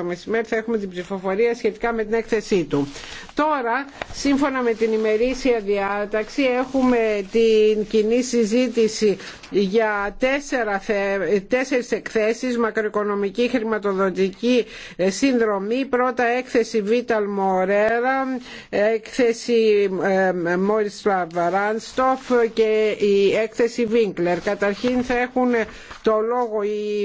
το μεσημέρι θα έχουμε την ψηφοφορία σχετικά με την έκθεσή του. Τώρα, σύμφωνα με την ημερήσια διάταξη, έχουμε την κοινή συζήτηση για τέσσερα, τέσσερις εκθέσεις, μακροοικονομική χρηματοδοτική ε, συνδρομή, πρώτα έκθεση Βίταλ Μορέρα, έκθεση ε, Μόρισλα Βαράνστοφ και η έκθεση Βίνκλερ. Καταρχήν θα έχουν το λόγο οι,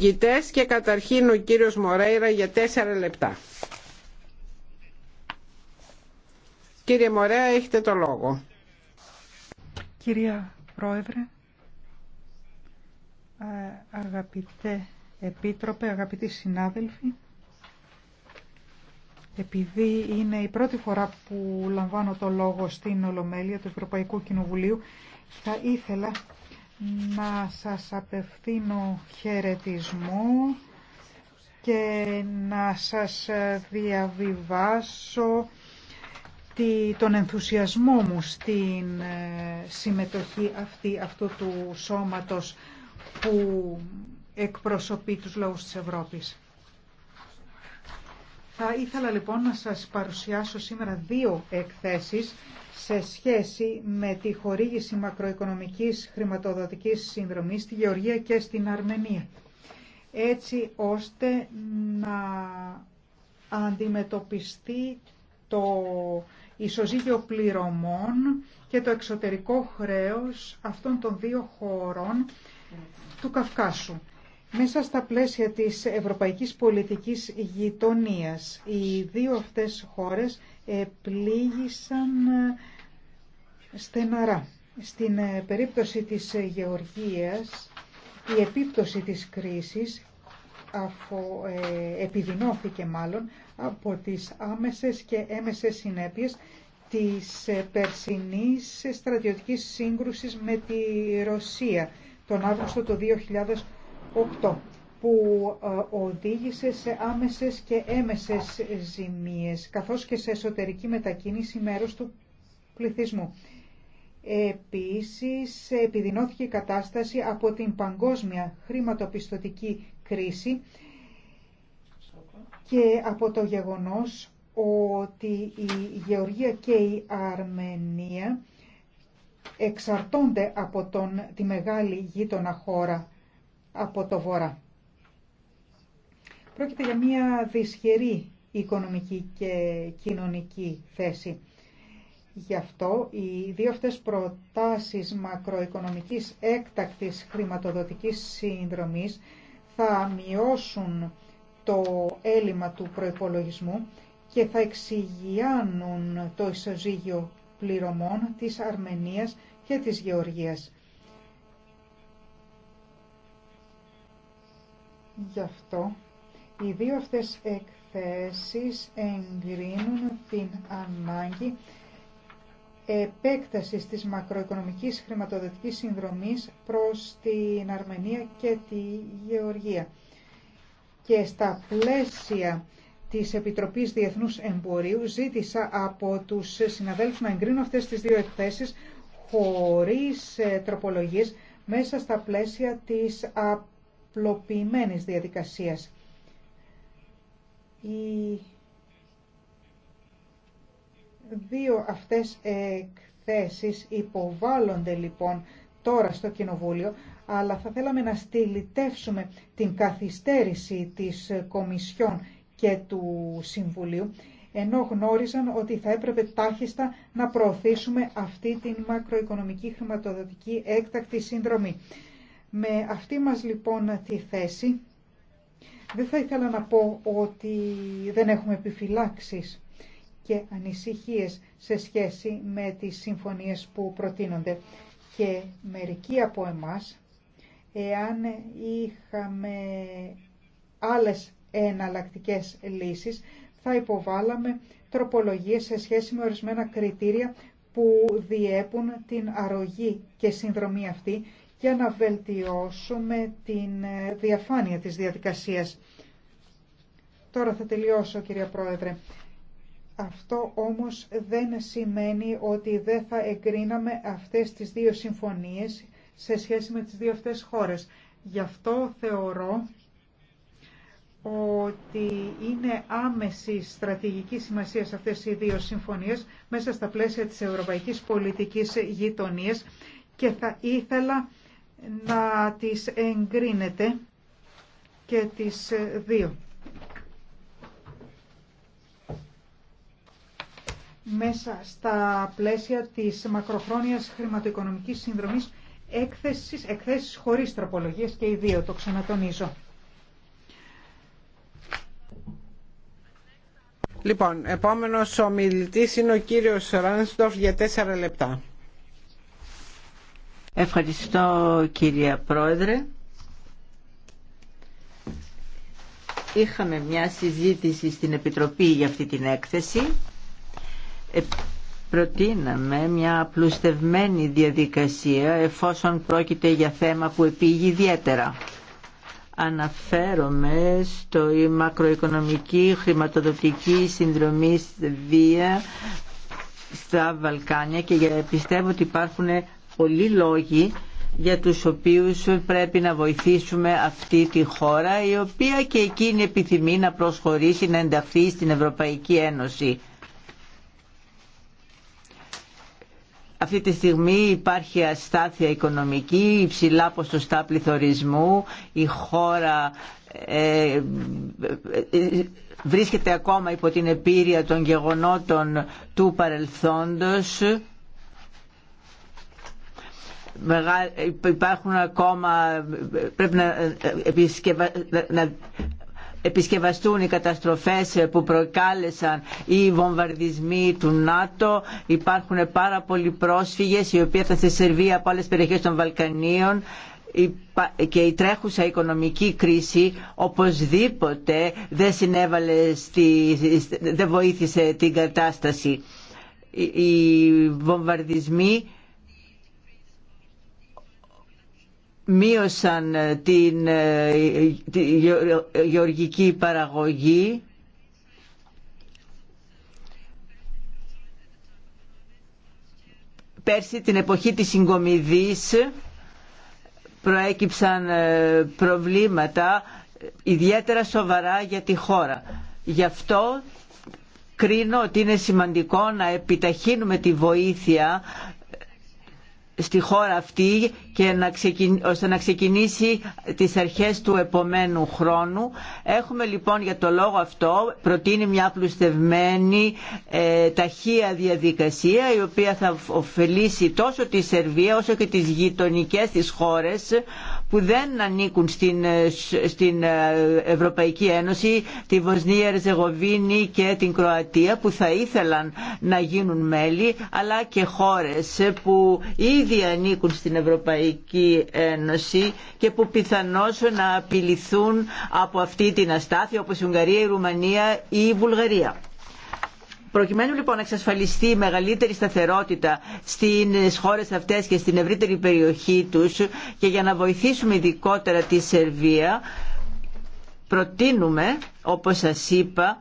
οι και καταρχήν ο κύριος Μορέρα Μορέιρα για τέσσερα λεπτά. Κύριε Μορέα, έχετε το λόγο. Κυρία Πρόεδρε, αγαπητέ Επίτροπε, αγαπητοί συνάδελφοι, επειδή είναι η πρώτη φορά που λαμβάνω το λόγο στην Ολομέλεια του Ευρωπαϊκού Κοινοβουλίου, θα ήθελα να σας απευθύνω χαιρετισμό και να σας διαβιβάσω τον ενθουσιασμό μου στην ε, συμμετοχή αυτή, αυτού του σώματος που εκπροσωπεί τους λαούς της Ευρώπης. Θα ήθελα λοιπόν να σας παρουσιάσω σήμερα δύο εκθέσεις σε σχέση με τη χορήγηση μακροοικονομικής χρηματοδοτικής συνδρομής στη Γεωργία και στην Αρμενία έτσι ώστε να αντιμετωπιστεί το ισοζύγιο πληρωμών και το εξωτερικό χρέος αυτών των δύο χωρών του Καυκάσου. Μέσα στα πλαίσια της ευρωπαϊκής πολιτικής γειτονίας, οι δύο αυτές χώρες επλήγησαν ε, στεναρά. Στην ε, περίπτωση της ε, Γεωργίας, η επίπτωση της κρίσης αφο, ε, επιδεινώθηκε μάλλον από τις άμεσες και έμεσες συνέπειες της ε, περσινής στρατιωτικής σύγκρουσης με τη Ρωσία τον Αύγουστο του 2008 που ε, οδήγησε σε άμεσες και έμεσες ζημίες καθώς και σε εσωτερική μετακίνηση μέρους του πληθυσμού. Επίσης, επιδεινώθηκε η κατάσταση από την παγκόσμια χρηματοπιστωτική κρίση και από το γεγονός ότι η Γεωργία και η Αρμενία εξαρτώνται από τον, τη μεγάλη γείτονα χώρα από το βορρά. Πρόκειται για μια δυσχερή οικονομική και κοινωνική θέση. Γι' αυτό οι δύο αυτές προτάσεις μακροοικονομικής έκτακτης χρηματοδοτικής συνδρομής θα μειώσουν το έλλειμμα του προϋπολογισμού και θα εξηγιάνουν το ισοζύγιο πληρωμών της Αρμενίας και της Γεωργίας. Γι' αυτό οι δύο αυτές εκθέσεις εγκρίνουν την ανάγκη επέκτασης της μακροοικονομικής χρηματοδοτικής συνδρομής προς την Αρμενία και τη Γεωργία. Και στα πλαίσια της Επιτροπής Διεθνούς Εμπορίου ζήτησα από τους συναδέλφους να εγκρίνουν αυτές τις δύο εκθέσεις χωρίς ε, τροπολογίες μέσα στα πλαίσια της απλοποιημένης διαδικασίας δύο αυτές εκθέσεις υποβάλλονται λοιπόν τώρα στο Κοινοβούλιο, αλλά θα θέλαμε να στυλιτεύσουμε την καθυστέρηση της Κομισιόν και του Συμβουλίου, ενώ γνώριζαν ότι θα έπρεπε τάχιστα να προωθήσουμε αυτή την μακροοικονομική χρηματοδοτική έκτακτη συνδρομή. Με αυτή μας λοιπόν τη θέση, δεν θα ήθελα να πω ότι δεν έχουμε επιφυλάξεις και ανησυχίες σε σχέση με τις συμφωνίες που προτείνονται. Και μερικοί από εμάς, εάν είχαμε άλλες εναλλακτικές λύσεις, θα υποβάλαμε τροπολογίες σε σχέση με ορισμένα κριτήρια που διέπουν την αρρωγή και συνδρομή αυτή για να βελτιώσουμε την διαφάνεια της διαδικασίας. Τώρα θα τελειώσω κυρία Πρόεδρε. Αυτό όμως δεν σημαίνει ότι δεν θα εγκρίναμε αυτές τις δύο συμφωνίες σε σχέση με τις δύο αυτές χώρες. Γι' αυτό θεωρώ ότι είναι άμεση στρατηγική σημασία σε αυτές οι δύο συμφωνίες μέσα στα πλαίσια της ευρωπαϊκής πολιτικής γειτονίας και θα ήθελα να τις εγκρίνετε και τις δύο. μέσα στα πλαίσια της μακροχρόνιας χρηματοοικονομικής συνδρομής έκθεσης, εκθέσεις χωρίς τροπολογίες και οι δύο, το ξανατονίζω. Λοιπόν, επόμενος ο μιλητής είναι ο κύριος Ράνστοφ για τέσσερα λεπτά. Ευχαριστώ κύριε Πρόεδρε. Είχαμε μια συζήτηση στην Επιτροπή για αυτή την έκθεση ε, προτείναμε μια απλουστευμένη διαδικασία εφόσον πρόκειται για θέμα που επήγει ιδιαίτερα. Αναφέρομαι στο η μακροοικονομική χρηματοδοτική συνδρομή Δία στα Βαλκάνια και πιστεύω ότι υπάρχουν πολλοί λόγοι για τους οποίους πρέπει να βοηθήσουμε αυτή τη χώρα η οποία και εκείνη επιθυμεί να προσχωρήσει να ενταχθεί στην Ευρωπαϊκή Ένωση. αυτή τη στιγμή υπάρχει αστάθεια οικονομική, υψηλά ποσοστά πληθωρισμού, η χώρα ε, ε βρίσκεται ακόμα υπό την επίρρεια των γεγονότων του παρελθόντος υπάρχουν ακόμα πρέπει να, ε, ε, να επισκευαστούν οι καταστροφές που προκάλεσαν οι βομβαρδισμοί του ΝΑΤΟ. Υπάρχουν πάρα πολλοί πρόσφυγες οι οποίοι θα σε Σερβία από άλλες περιοχές των Βαλκανίων και η τρέχουσα οικονομική κρίση οπωσδήποτε δεν συνέβαλε στη, δεν βοήθησε την κατάσταση. Οι βομβαρδισμοί μείωσαν την, τη γεωργική παραγωγή πέρσι την εποχή της συγκομιδής προέκυψαν ε, προβλήματα ιδιαίτερα σοβαρά για τη χώρα. Γι' αυτό κρίνω ότι είναι σημαντικό να επιταχύνουμε τη βοήθεια στη χώρα αυτή και να ώστε να ξεκινήσει τις αρχές του επομένου χρόνου. Έχουμε λοιπόν για το λόγο αυτό προτείνει μια πλουστευμένη ε, ταχεία διαδικασία η οποία θα ωφελήσει τόσο τη Σερβία όσο και τις γειτονικές της χώρες που δεν ανήκουν στην, ε, στην ε, Ευρωπαϊκή Ένωση, τη Βοσνία, Ερζεγοβίνη και την Κροατία που θα ήθελαν να γίνουν μέλη, αλλά και χώρες που ήδη ανήκουν στην Ευρωπαϊκή Ένωση και που πιθανώς να απειληθούν από αυτή την αστάθεια όπως η Ουγγαρία, η Ρουμανία ή η Βουλγαρία. Προκειμένου λοιπόν να εξασφαλιστεί μεγαλύτερη σταθερότητα στις χώρες αυτές και στην ευρύτερη περιοχή τους και για να βοηθήσουμε ειδικότερα τη Σερβία, προτείνουμε, όπως σας είπα,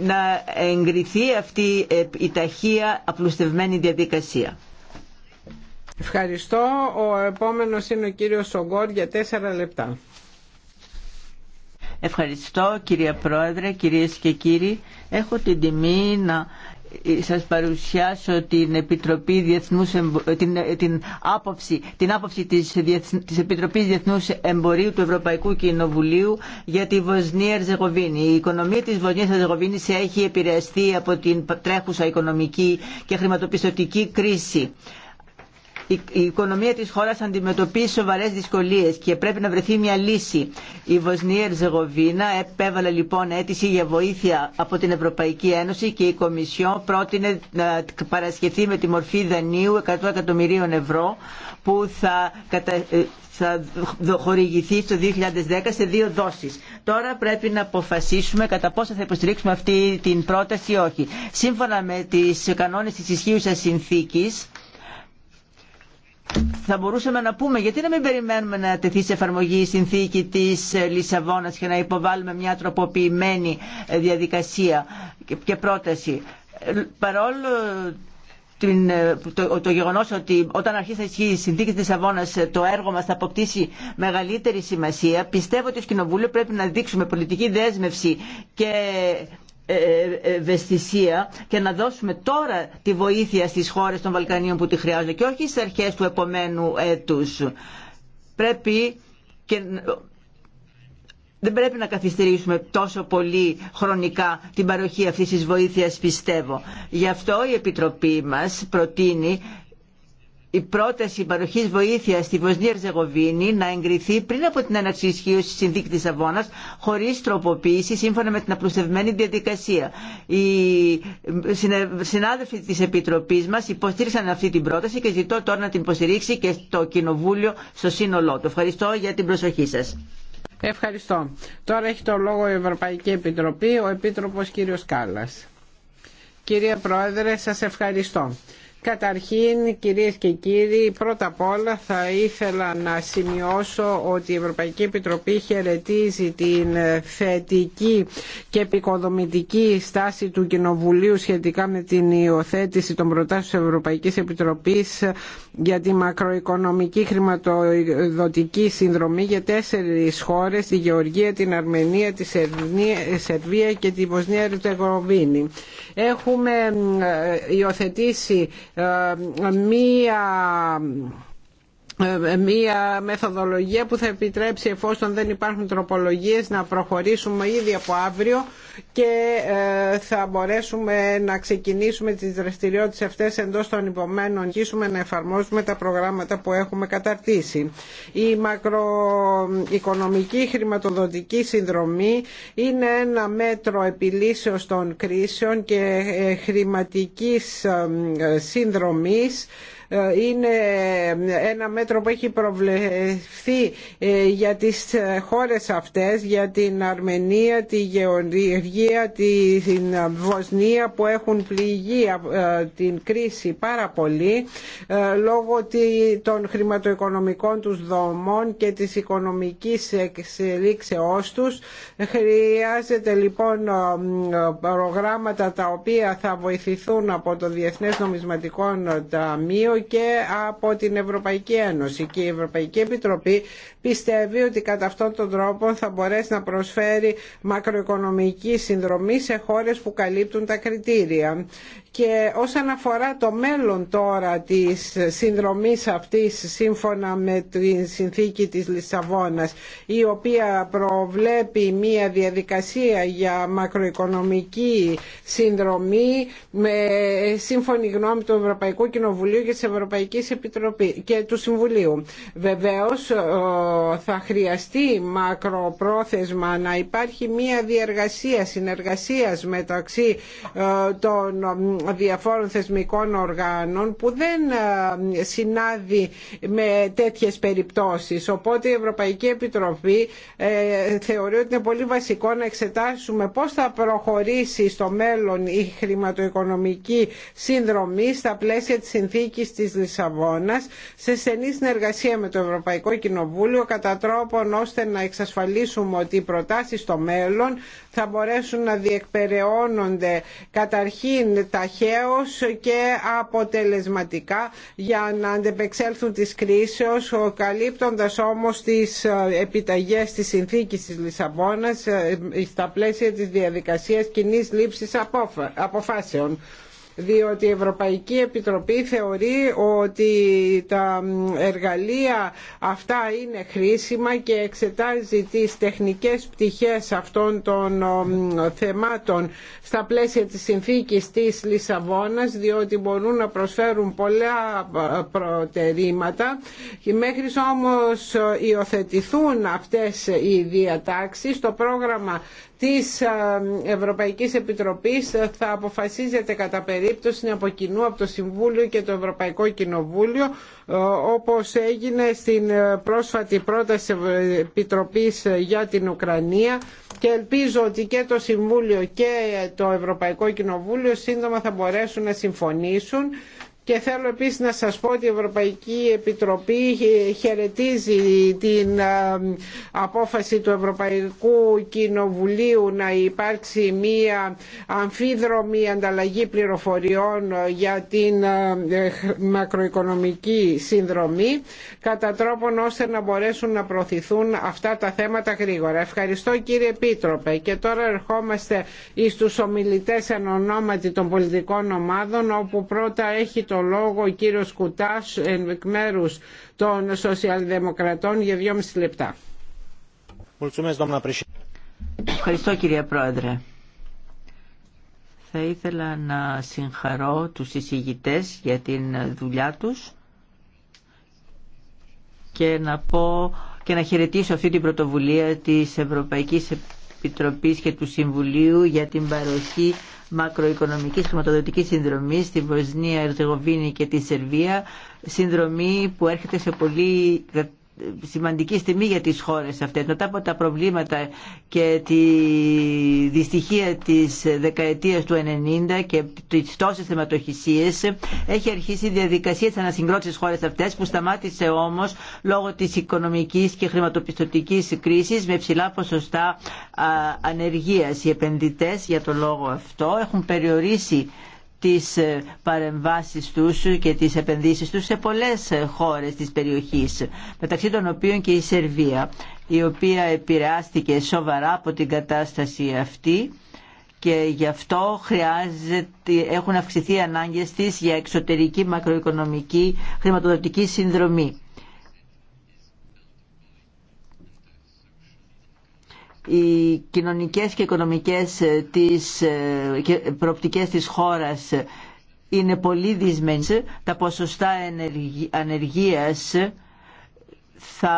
να εγκριθεί αυτή ε, η ταχεία απλουστευμένη διαδικασία. Ευχαριστώ. Ο επόμενος είναι ο κύριος Σογκόρ για τέσσερα λεπτά. Ευχαριστώ κυρία Πρόεδρε, κυρίες και κύριοι. Έχω την τιμή να ε, σας παρουσιάσω την Επιτροπή Διεθνούς ε, την, ε, την, άποψη, την άποψη της, της Επιτροπής Διεθνούς Εμπορίου του Ευρωπαϊκού Κοινοβουλίου για τη Βοσνία Ερζεγοβίνη. Η οικονομία της Βοσνίας Ερζεγοβίνης έχει επηρεαστεί από την τρέχουσα οικονομική και χρηματοπιστωτική κρίση η οικονομία της χώρας αντιμετωπίζει σοβαρές δυσκολίες και πρέπει να βρεθεί μια λύση. Η Βοσνία Ερζεγοβίνα επέβαλε λοιπόν αίτηση για βοήθεια από την Ευρωπαϊκή Ένωση και η Κομισιόν πρότεινε να παρασχεθεί με τη μορφή δανείου 100 εκατομμυρίων ευρώ που θα, ε, θα χορηγηθεί στο 2010 σε δύο δόσεις. Τώρα πρέπει να αποφασίσουμε κατά πόσο θα υποστηρίξουμε αυτή την πρόταση ή όχι. Σύμφωνα με τις κανόνες της ισχύουσας συνθήκης, θα μπορούσαμε να πούμε γιατί να μην περιμένουμε να τεθεί σε εφαρμογή η συνθήκη της ε, Λισαβόνας και να υποβάλουμε μια τροποποιημένη ε, διαδικασία και πρόταση. Ε, παρόλο την, το, το γεγονό ότι όταν αρχίσει να ισχύει η συνθήκη της Λισαβόνας το έργο μας θα αποκτήσει μεγαλύτερη σημασία. Πιστεύω ότι ως Κοινοβούλιο πρέπει να δείξουμε πολιτική δέσμευση και ε, ε, ευαισθησία και να δώσουμε τώρα τη βοήθεια στις χώρες των Βαλκανίων που τη χρειάζονται και όχι στις αρχές του επομένου έτους. Πρέπει και δεν πρέπει να καθυστερήσουμε τόσο πολύ χρονικά την παροχή αυτής της βοήθειας πιστεύω. Γι' αυτό η Επιτροπή μας προτείνει η πρόταση παροχή βοήθεια στη Βοσνία Ερζεγοβίνη να εγκριθεί πριν από την έναρξη ισχύω τη συνθήκη τη Αβώνα, χωρί τροποποίηση, σύμφωνα με την απλουστευμένη διαδικασία. Οι ε, συνάδελφοι τη Επιτροπή μα υποστήριξαν αυτή την πρόταση και ζητώ τώρα να την υποστηρίξει και το Κοινοβούλιο στο σύνολό του. Ευχαριστώ για την προσοχή σα. Ευχαριστώ. Τώρα έχει το λόγο η Ευρωπαϊκή Επιτροπή, ο επίτροπο κύριος Κάλλα. Κυρία Πρόεδρε, σα ευχαριστώ. Καταρχήν, κυρίες και κύριοι, πρώτα απ' όλα θα ήθελα να σημειώσω ότι η Ευρωπαϊκή Επιτροπή χαιρετίζει την θετική και επικοδομητική στάση του Κοινοβουλίου σχετικά με την υιοθέτηση των προτάσεων της Ευρωπαϊκής Επιτροπής για τη μακροοικονομική χρηματοδοτική συνδρομή για τέσσερις χώρες, τη Γεωργία, την Αρμενία, τη Σερβία και τη Βοσνία Ριζεγοβίνη. Έχουμε ε, υιοθετήσει ε, μία ε, μία μεθοδολογία που θα επιτρέψει εφόσον δεν υπάρχουν τροπολογίες να προχωρήσουμε ήδη από αύριο και ε, θα μπορέσουμε να ξεκινήσουμε τις δραστηριότητες αυτές εντός των υπομένων και να εφαρμόσουμε τα προγράμματα που έχουμε καταρτήσει. Η μακροοικονομική χρηματοδοτική συνδρομή είναι ένα μέτρο επιλύσεως των κρίσεων και ε, χρηματικής συνδρομής είναι ένα μέτρο που έχει προβλεφθεί ε, για τις χώρες αυτές, για την Αρμενία, τη Γεωργία, την Βοσνία που έχουν πληγεί ε, την κρίση πάρα πολύ ε, λόγω των χρηματοοικονομικών τους δομών και της οικονομικής εξελίξεώς τους. Χρειάζεται λοιπόν προγράμματα τα οποία θα βοηθηθούν από το Διεθνές Νομισματικό Ταμείο και από την Ευρωπαϊκή Ένωση και η Ευρωπαϊκή Επιτροπή πιστεύει ότι κατά αυτόν τον τρόπο θα μπορέσει να προσφέρει μακροοικονομική συνδρομή σε χώρες που καλύπτουν τα κριτήρια και όσον αφορά το μέλλον τώρα της συνδρομής αυτής σύμφωνα με τη συνθήκη της Λισαβόνας η οποία προβλέπει μια διαδικασία για μακροοικονομική συνδρομή με σύμφωνη γνώμη του Ευρωπαϊκού Κοινοβουλίου και της Ευρωπαϊκής και του Συμβουλίου. Βεβαίως ε, θα χρειαστεί μακροπρόθεσμα να υπάρχει μια διεργασία συνεργασίας μεταξύ ε, των διαφόρων θεσμικών οργάνων που δεν ε, συνάδει με τέτοιες περιπτώσεις. Οπότε η Ευρωπαϊκή Επιτροπή ε, θεωρεί ότι είναι πολύ βασικό να εξετάσουμε πώς θα προχωρήσει στο μέλλον η χρηματοοικονομική συνδρομή στα πλαίσια της συνθήκης της Λισαβόνας σε στενή συνεργασία με το Ευρωπαϊκό Κοινοβούλιο κατά τρόπον ώστε να εξασφαλίσουμε ότι οι προτάσεις στο μέλλον θα μπορέσουν να διεκπεραιώνονται καταρχήν ταχαίως και αποτελεσματικά για να αντεπεξέλθουν της κρίσεως καλύπτοντας όμως τις ε, επιταγές της συνθήκης της Λισαβόνας ε, στα πλαίσια της διαδικασίας κοινής λήψης αποφάσεων διότι η Ευρωπαϊκή Επιτροπή θεωρεί ότι τα εργαλεία αυτά είναι χρήσιμα και εξετάζει τις τεχνικές πτυχές αυτών των θεμάτων στα πλαίσια της συνθήκης της Λισαβόνας διότι μπορούν να προσφέρουν πολλά προτερήματα μέχρι όμως υιοθετηθούν αυτές οι διατάξεις το πρόγραμμα της Ευρωπαϊκής Επιτροπής θα αποφασίζεται κατά περίπτωση περίπτωση είναι από κοινού από το Συμβούλιο και το Ευρωπαϊκό Κοινοβούλιο ε, όπως έγινε στην ε, πρόσφατη πρόταση Επιτροπής ε, για την Ουκρανία και ελπίζω ότι και το Συμβούλιο και το Ευρωπαϊκό Κοινοβούλιο σύντομα θα μπορέσουν να συμφωνήσουν και θέλω επίσης να σας πω ότι η Ευρωπαϊκή Επιτροπή χαιρετίζει την απόφαση του Ευρωπαϊκού Κοινοβουλίου να υπάρξει μία αμφίδρομη ανταλλαγή πληροφοριών για την μακροοικονομική συνδρομή κατά τρόπον ώστε να μπορέσουν να προωθηθούν αυτά τα θέματα γρήγορα. Ευχαριστώ κύριε Επίτροπε και τώρα ερχόμαστε τους ομιλητές εν ονόματι των πολιτικών ομάδων όπου πρώτα έχει το το λόγο ο κύριος Κουτάς εκ μέρους των Σοσιαλδημοκρατών για δυόμιση λεπτά. Ευχαριστώ κύριε Πρόεδρε. Θα ήθελα να συγχαρώ τους εισηγητές για την δουλειά τους και να πω και να χαιρετήσω αυτή την πρωτοβουλία της Ευρωπαϊκής Επιτροπής και του Συμβουλίου για την παροχή μακροοικονομικής χρηματοδοτικής συνδρομής στη Βοσνία, Ερζεγοβίνη και τη Σερβία, συνδρομή που έρχεται σε πολύ σημαντική στιγμή για τις χώρες αυτές. Μετά από τα προβλήματα και τη δυστυχία της δεκαετίας του 90 και τις τόσες θεματοχυσίες έχει αρχίσει η διαδικασία της ανασυγκρότησης χώρες αυτές που σταμάτησε όμως λόγω της οικονομικής και χρηματοπιστωτικής κρίσης με ψηλά ποσοστά ανεργίας. Οι επενδυτές για το λόγο αυτό έχουν περιορίσει τις ε, παρεμβάσεις τους και τις επενδύσεις τους σε πολλές ε, χώρες της περιοχής, μεταξύ των οποίων και η Σερβία, η οποία επηρεάστηκε σοβαρά από την κατάσταση αυτή και γι' αυτό χρειάζεται, έχουν αυξηθεί ανάγκες της για εξωτερική μακροοικονομική χρηματοδοτική συνδρομή. οι κοινωνικές και οικονομικές ε, ε, και προοπτικές της χώρας είναι πολύ δυσμένες, τα ποσοστά ανεργίας θα,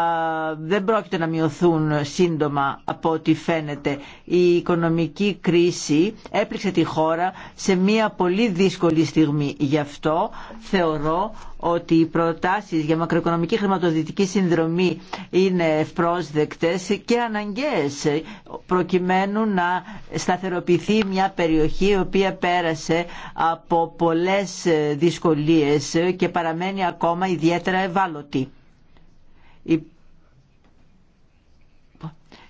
δεν πρόκειται να μειωθούν σύντομα από ό,τι φαίνεται. Η οικονομική κρίση έπληξε τη χώρα σε μια πολύ δύσκολη στιγμή. Γι' αυτό θεωρώ ότι οι προτάσεις για μακροοικονομική χρηματοδυτική συνδρομή είναι ευπρόσδεκτες και αναγκαίες προκειμένου να σταθεροποιηθεί μια περιοχή η οποία πέρασε από πολλές δυσκολίες και παραμένει ακόμα ιδιαίτερα ευάλωτη.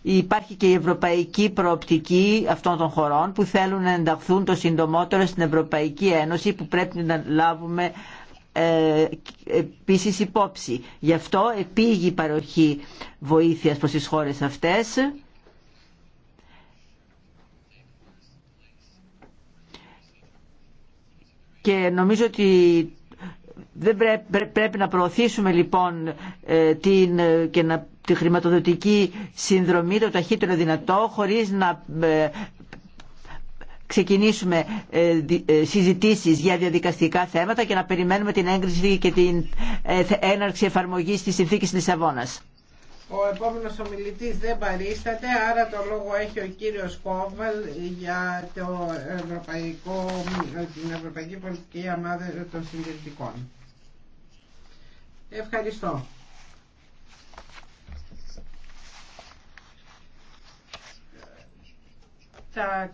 Υπάρχει και η ευρωπαϊκή προοπτική αυτών των χωρών που θέλουν να ενταχθούν το συντομότερο στην Ευρωπαϊκή Ένωση που πρέπει να λάβουμε ε, επίσης υπόψη. Γι' αυτό επήγει η παροχή βοήθειας προς τις χώρες αυτές. Και νομίζω ότι δεν πρέπει να προωθήσουμε λοιπόν ε, την, ε, και να, τη χρηματοδοτική συνδρομή το ταχύτερο δυνατό χωρίς να ε, ξεκινήσουμε συζητήσεις για διαδικαστικά θέματα και να περιμένουμε την έγκριση και την έναρξη εφαρμογής της συνθήκης Λισαβόνας. Ο επόμενος ομιλητής δεν παρίσταται, άρα το λόγο έχει ο κύριος Κόβαλ για το ευρωπαϊκό, την Ευρωπαϊκή Πολιτική Αμάδα των Συντηρητικών. Ευχαριστώ. Τα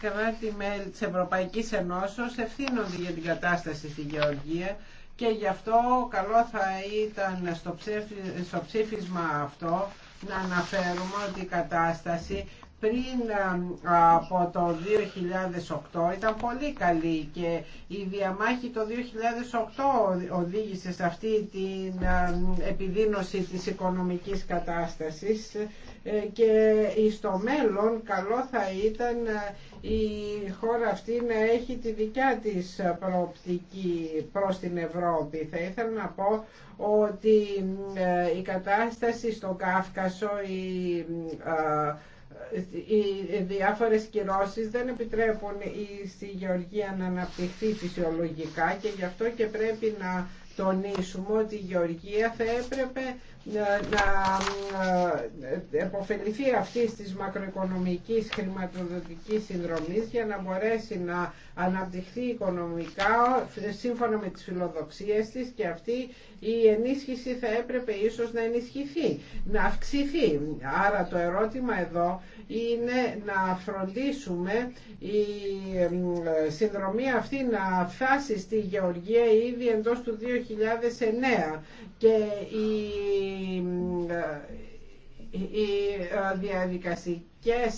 κράτη-μέλη της Ευρωπαϊκής Ενώσεως ευθύνονται για την κατάσταση στη Γεωργία και γι' αυτό καλό θα ήταν στο, ψήφισμα αυτό να αναφέρουμε ότι η κατάσταση πριν ε, από το 2008 ήταν πολύ καλή και η διαμάχη το 2008 οδήγησε σε αυτή την ε, επιδείνωση της οικονομικής κατάστασης ε, και στο μέλλον καλό θα ήταν η χώρα αυτή να έχει τη δικιά της προοπτική προς την Ευρώπη. Θα ήθελα να πω ότι η κατάσταση στο Κάφκασο, η οι διάφορες κυρώσεις δεν επιτρέπουν η γεωργία να αναπτυχθεί φυσιολογικά και γι' αυτό και πρέπει να τονίσουμε ότι η γεωργία θα έπρεπε να επωφεληθεί αυτή της μακροοικονομικής χρηματοδοτικής συνδρομής για να μπορέσει να αναπτυχθεί οικονομικά ε, σύμφωνα με τις φιλοδοξίες της και αυτή η ενίσχυση θα έπρεπε ίσως να ενισχυθεί, να αυξηθεί. Άρα το ερώτημα εδώ είναι να φροντίσουμε η συνδρομή αυτή να φτάσει στη Γεωργία ήδη εντός του 2009 και η, ε, οι ε, διαδικασικές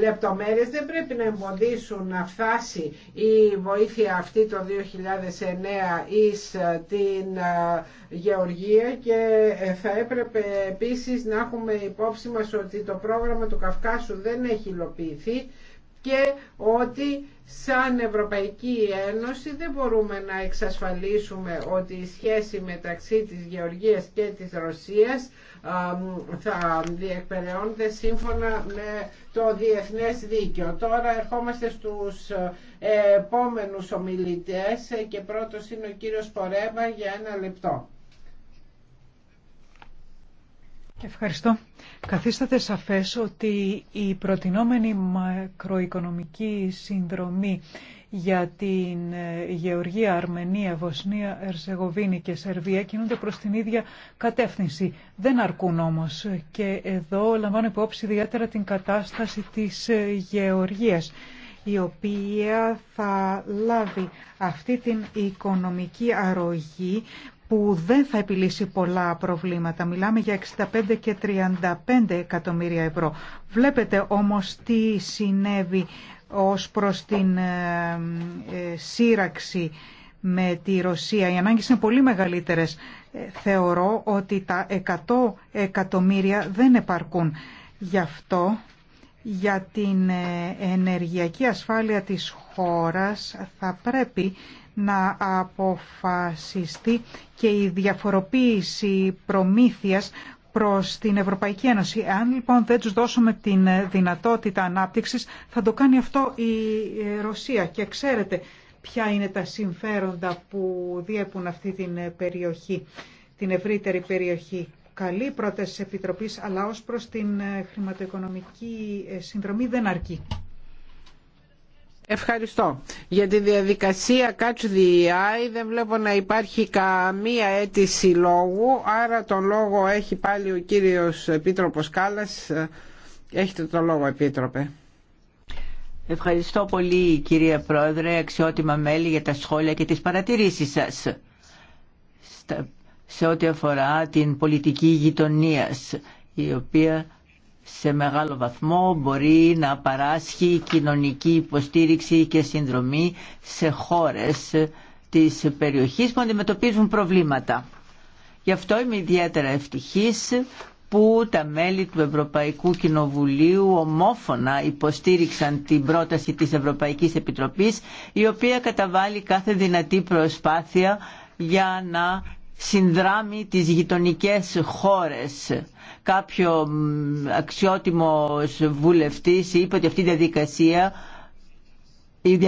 λεπτομέρειες δεν πρέπει να εμποδίσουν να φτάσει η βοήθεια αυτή το 2009 εις ε, την ε, Γεωργία και ε, θα έπρεπε επίσης να έχουμε υπόψη μας ότι το πρόγραμμα του Καυκάσου δεν έχει υλοποιηθεί και ότι σαν Ευρωπαϊκή Ένωση δεν μπορούμε να εξασφαλίσουμε ότι η σχέση μεταξύ της Γεωργίας και της Ρωσίας θα διεκπαιρεώνεται σύμφωνα με το διεθνές δίκαιο. Τώρα ερχόμαστε στους ε, επόμενους ομιλητές ε, και πρώτος είναι ο κύριος Πορέβα για ένα λεπτό. Ευχαριστώ. Καθίσταται σαφές ότι η προτινόμενη μακροοικονομική συνδρομή για την ε, Γεωργία, Αρμενία, Βοσνία, Ερζεγοβίνη και Σερβία κινούνται προς την ίδια κατεύθυνση. Δεν αρκούν όμως και εδώ λαμβάνω υπόψη ιδιαίτερα την κατάσταση της ε, Γεωργίας η οποία θα λάβει αυτή την οικονομική αρρωγή που δεν θα επιλύσει πολλά προβλήματα. Μιλάμε για 65 και 35 εκατομμύρια ευρώ. Βλέπετε όμως τι συνέβη ως προς την ε, ε, σύραξη με τη Ρωσία. Οι ανάγκες είναι πολύ μεγαλύτερες. Ε, θεωρώ ότι τα 100 εκατομμύρια δεν επαρκούν. Γι' αυτό για την ενεργειακή ασφάλεια της χώρας θα πρέπει να αποφασιστεί και η διαφοροποίηση προμήθειας προς την Ευρωπαϊκή Ένωση. Αν λοιπόν δεν τους δώσουμε την δυνατότητα ανάπτυξης, θα το κάνει αυτό η Ρωσία. Και ξέρετε ποια είναι τα συμφέροντα που διέπουν αυτή την περιοχή, την ευρύτερη περιοχή. Καλή πρόταση της Επιτροπής, αλλά ως προς την χρηματοοικονομική συνδρομή δεν αρκεί. Ευχαριστώ. Για τη διαδικασία Catch the Eye δεν βλέπω να υπάρχει καμία αίτηση λόγου, άρα τον λόγο έχει πάλι ο κύριος Επίτροπος Κάλλας. Έχετε τον λόγο, Επίτροπε. Ευχαριστώ πολύ κυρία Πρόεδρε, αξιότιμα μέλη για τα σχόλια και τις παρατηρήσεις σας σε ό,τι αφορά την πολιτική γειτονίας η οποία σε μεγάλο βαθμό μπορεί να παράσχει κοινωνική υποστήριξη και συνδρομή σε χώρες της περιοχής που αντιμετωπίζουν προβλήματα. Γι' αυτό είμαι ιδιαίτερα ευτυχής που τα μέλη του Ευρωπαϊκού Κοινοβουλίου ομόφωνα υποστήριξαν την πρόταση της Ευρωπαϊκής Επιτροπής η οποία καταβάλει κάθε δυνατή προσπάθεια για να συνδράμει τις γειτονικές χώρες. Κάποιο αξιότιμος βουλευτής είπε ότι αυτή η διαδικασία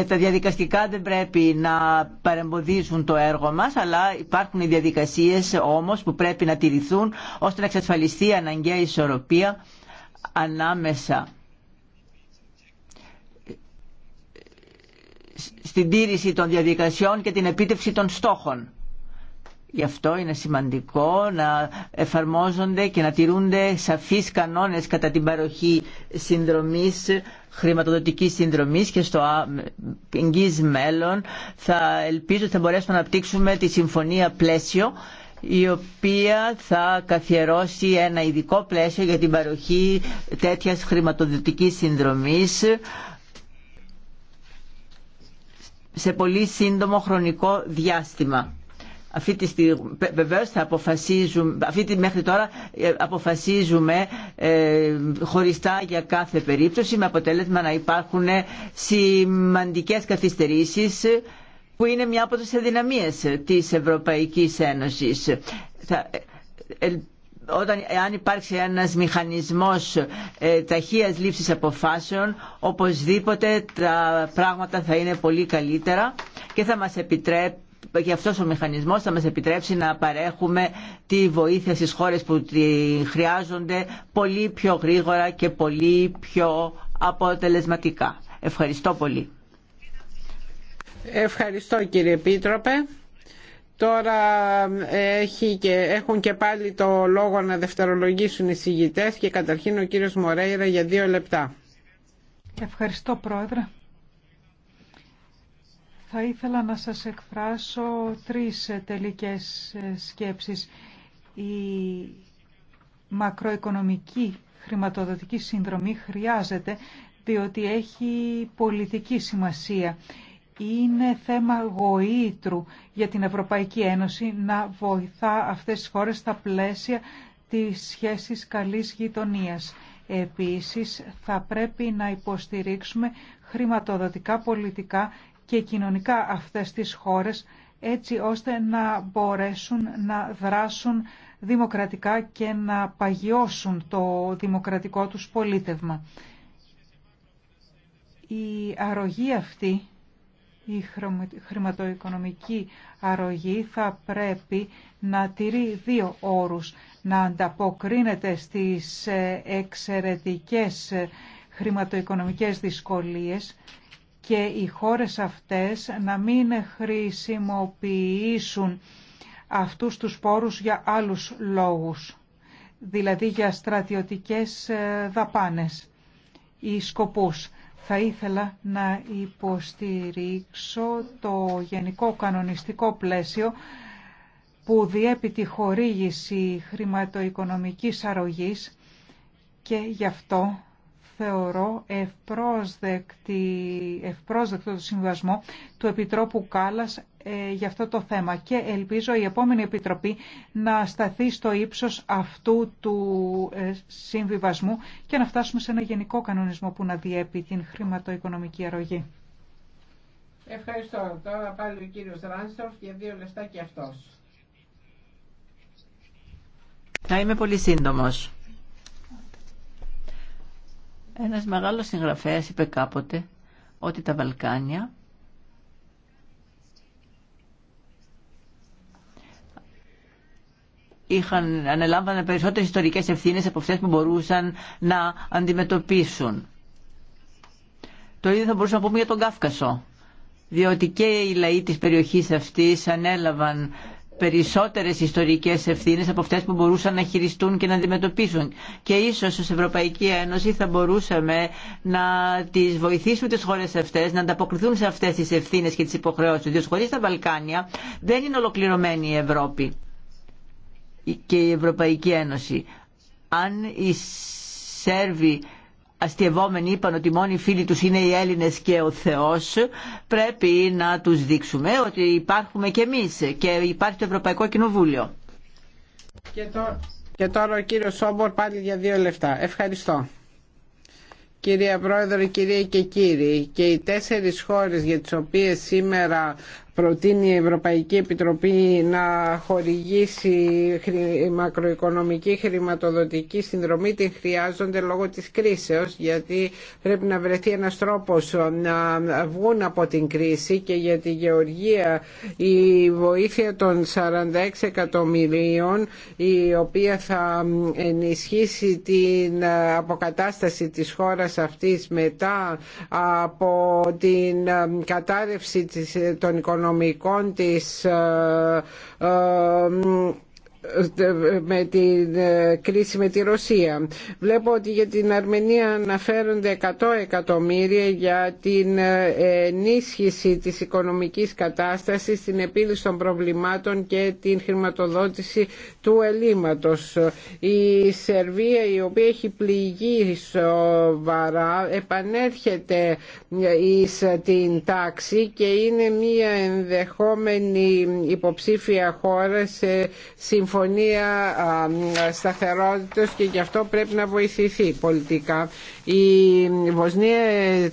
τα διαδικαστικά δεν πρέπει να παρεμποδίζουν το έργο μας, αλλά υπάρχουν οι διαδικασίες όμως που πρέπει να τηρηθούν ώστε να εξασφαλιστεί η αναγκαία ισορροπία ανάμεσα στην τήρηση των διαδικασιών και την επίτευξη των στόχων. Γι' αυτό είναι σημαντικό να εφαρμόζονται και να τηρούνται σαφείς κανόνες κατά την παροχή συνδρομής, χρηματοδοτικής συνδρομής και στο εγγύς μέλλον θα ελπίζω ότι θα μπορέσουμε να αναπτύξουμε τη συμφωνία πλαίσιο η οποία θα καθιερώσει ένα ειδικό πλαίσιο για την παροχή τέτοιας χρηματοδοτικής συνδρομής σε πολύ σύντομο χρονικό διάστημα αυτή τη στιγμή, βεβαίως θα αποφασίζουμε, αυτή μέχρι τώρα ε, αποφασίζουμε ε, χωριστά για κάθε περίπτωση με αποτέλεσμα να υπάρχουν σημαντικές καθυστερήσεις που είναι μια από τις αδυναμίες της Ευρωπαϊκής Ένωσης. Ε, όταν, αν υπάρξει ένας μηχανισμός ε, ταχείας λήψης αποφάσεων, οπωσδήποτε τα πράγματα θα είναι πολύ καλύτερα και θα μας επιτρέπει και αυτός ο μηχανισμός θα μας επιτρέψει να παρέχουμε τη βοήθεια στις χώρες που τη χρειάζονται πολύ πιο γρήγορα και πολύ πιο αποτελεσματικά. Ευχαριστώ πολύ. Ευχαριστώ κύριε Επίτροπε. Τώρα έχει και, έχουν και πάλι το λόγο να δευτερολογήσουν οι συγητές και καταρχήν ο κύριος Μορέιρα για δύο λεπτά. Ευχαριστώ πρόεδρε. Θα ήθελα να σας εκφράσω τρεις ε, τελικές ε, σκέψεις. Η μακροοικονομική χρηματοδοτική συνδρομή χρειάζεται διότι έχει πολιτική σημασία. Είναι θέμα γοήτρου για την Ευρωπαϊκή Ένωση να βοηθά αυτές τις χώρες στα πλαίσια της σχέσης καλής γειτονίας. Επίσης, θα πρέπει να υποστηρίξουμε χρηματοδοτικά πολιτικά και κοινωνικά αυτές τις χώρες έτσι ώστε να μπορέσουν να δράσουν δημοκρατικά και να παγιώσουν το δημοκρατικό τους πολίτευμα. Η αρρωγή αυτή, η χρηματοοικονομική αρρωγή θα πρέπει να τηρεί δύο όρους. Να ανταποκρίνεται στις ε, εξαιρετικές ε, χρηματοοικονομικές δυσκολίες και οι χώρες αυτές να μην χρησιμοποιήσουν αυτούς τους πόρους για άλλους λόγους, δηλαδή για στρατιωτικές ε, δαπάνες ή σκοπούς. Θα ήθελα να υποστηρίξω το γενικό κανονιστικό πλαίσιο που διέπει τη χορήγηση χρηματοοικονομικής αρρωγής και γι' αυτό θεωρώ ευπρόσδεκτο το συμβασμό του Επιτρόπου Κάλλας ε, για αυτό το θέμα και ελπίζω η επόμενη Επιτροπή να σταθεί στο ύψος αυτού του ε, συμβιβασμού και να φτάσουμε σε ένα γενικό κανονισμό που να διέπει την χρηματοοικονομική αρρωγή. Ευχαριστώ. Τώρα πάλι ο κύριος Ράνσοφ για δύο λεφτά και αυτός. Θα είμαι πολύ σύντομος. Ένας μεγάλος συγγραφέας είπε κάποτε ότι τα Βαλκάνια είχαν, ανελάμβανε περισσότερες ιστορικές ευθύνες από αυτές που μπορούσαν να αντιμετωπίσουν. Το ίδιο θα μπορούσαμε να πούμε για τον Κάφκασο, διότι και οι λαοί της περιοχής αυτής ανέλαβαν περισσότερες ιστορικές ευθύνες από αυτές που μπορούσαν να χειριστούν και να αντιμετωπίσουν. Και ίσως ως Ευρωπαϊκή Ένωση θα μπορούσαμε να τις βοηθήσουμε τις χώρες αυτές, να ανταποκριθούν σε αυτές τις ευθύνες και τις υποχρεώσεις. Διότι χωρίς τα Βαλκάνια δεν είναι ολοκληρωμένη η Ευρώπη και η Ευρωπαϊκή Ένωση. Αν οι Σέρβοι αστευόμενοι είπαν ότι μόνοι φίλοι τους είναι οι Έλληνες και ο Θεός, πρέπει να τους δείξουμε ότι υπάρχουμε και εμείς και υπάρχει το Ευρωπαϊκό Κοινοβούλιο. Και, το... και τώρα ο κύριος Σόμπορ πάλι για δύο λεφτά. Ευχαριστώ. Κυρία Πρόεδρε, κυρίε και κύριοι, και οι τέσσερις χώρες για τις οποίες σήμερα προτείνει η Ευρωπαϊκή Επιτροπή να χορηγήσει μακροοικονομική χρηματοδοτική συνδρομή την χρειάζονται λόγω της κρίσεως γιατί πρέπει να βρεθεί ένας τρόπος να βγουν από την κρίση και για τη γεωργία η βοήθεια των 46 εκατομμυρίων η οποία θα ενισχύσει την αποκατάσταση της χώρας αυτής μετά από την κατάρρευση των οικονομικών οικονομικών της ε, ε, με την ε, κρίση με τη Ρωσία. Βλέπω ότι για την Αρμενία αναφέρονται 100 εκατομμύρια για την ε, ενίσχυση της οικονομικής κατάστασης, την επίλυση των προβλημάτων και την χρηματοδότηση του ελλείμματος. Η Σερβία η οποία έχει πληγεί σοβαρά επανέρχεται ε, εις την τάξη και είναι μια ενδεχόμενη υποψήφια χώρα σε συμφωνία συμφωνία σταθερότητας και γι' αυτό πρέπει να βοηθηθεί πολιτικά. Η Βοσνία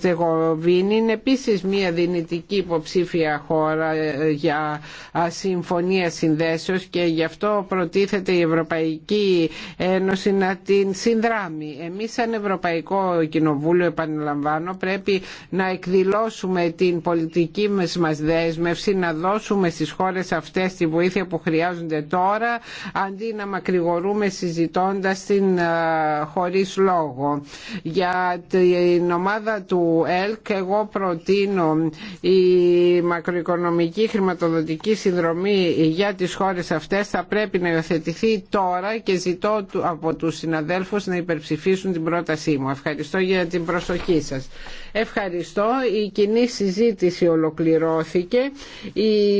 τεγοβινη είναι επίσης μια δυνητική υποψήφια χώρα ε, για συμφωνία συνδέσεως και γι' αυτό προτίθεται η Ευρωπαϊκή Ένωση να την συνδράμει. Εμείς σαν Ευρωπαϊκό Κοινοβούλιο επαναλαμβάνω πρέπει να εκδηλώσουμε την πολιτική μας δέσμευση να δώσουμε στις χώρες αυτές τη βοήθεια που χρειάζονται τώρα αντί να μακρηγορούμε συζητώντας την ε, χωρίς λόγο. Για την ομάδα του ΕΛΚ εγώ προτείνω η μακροοικονομική χρηματοδοτική συνδρομή για τις χώρες αυτές θα πρέπει να υιοθετηθεί τώρα και ζητώ από τους συναδέλφους να υπερψηφίσουν την πρότασή μου. Ευχαριστώ για την προσοχή σας. Ευχαριστώ. Η κοινή συζήτηση ολοκληρώθηκε. Η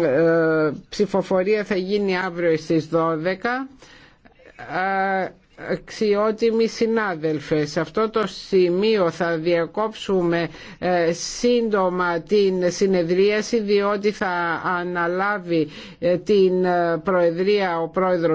ε, ψηφοφορία θα γίνει αύριο στις 12. Αξιότιμοι συνάδελφες, σε αυτό το σημείο θα διακόψουμε ε, σύντομα την συνεδρίαση διότι θα αναλάβει ε, την Προεδρία ο Πρόεδρος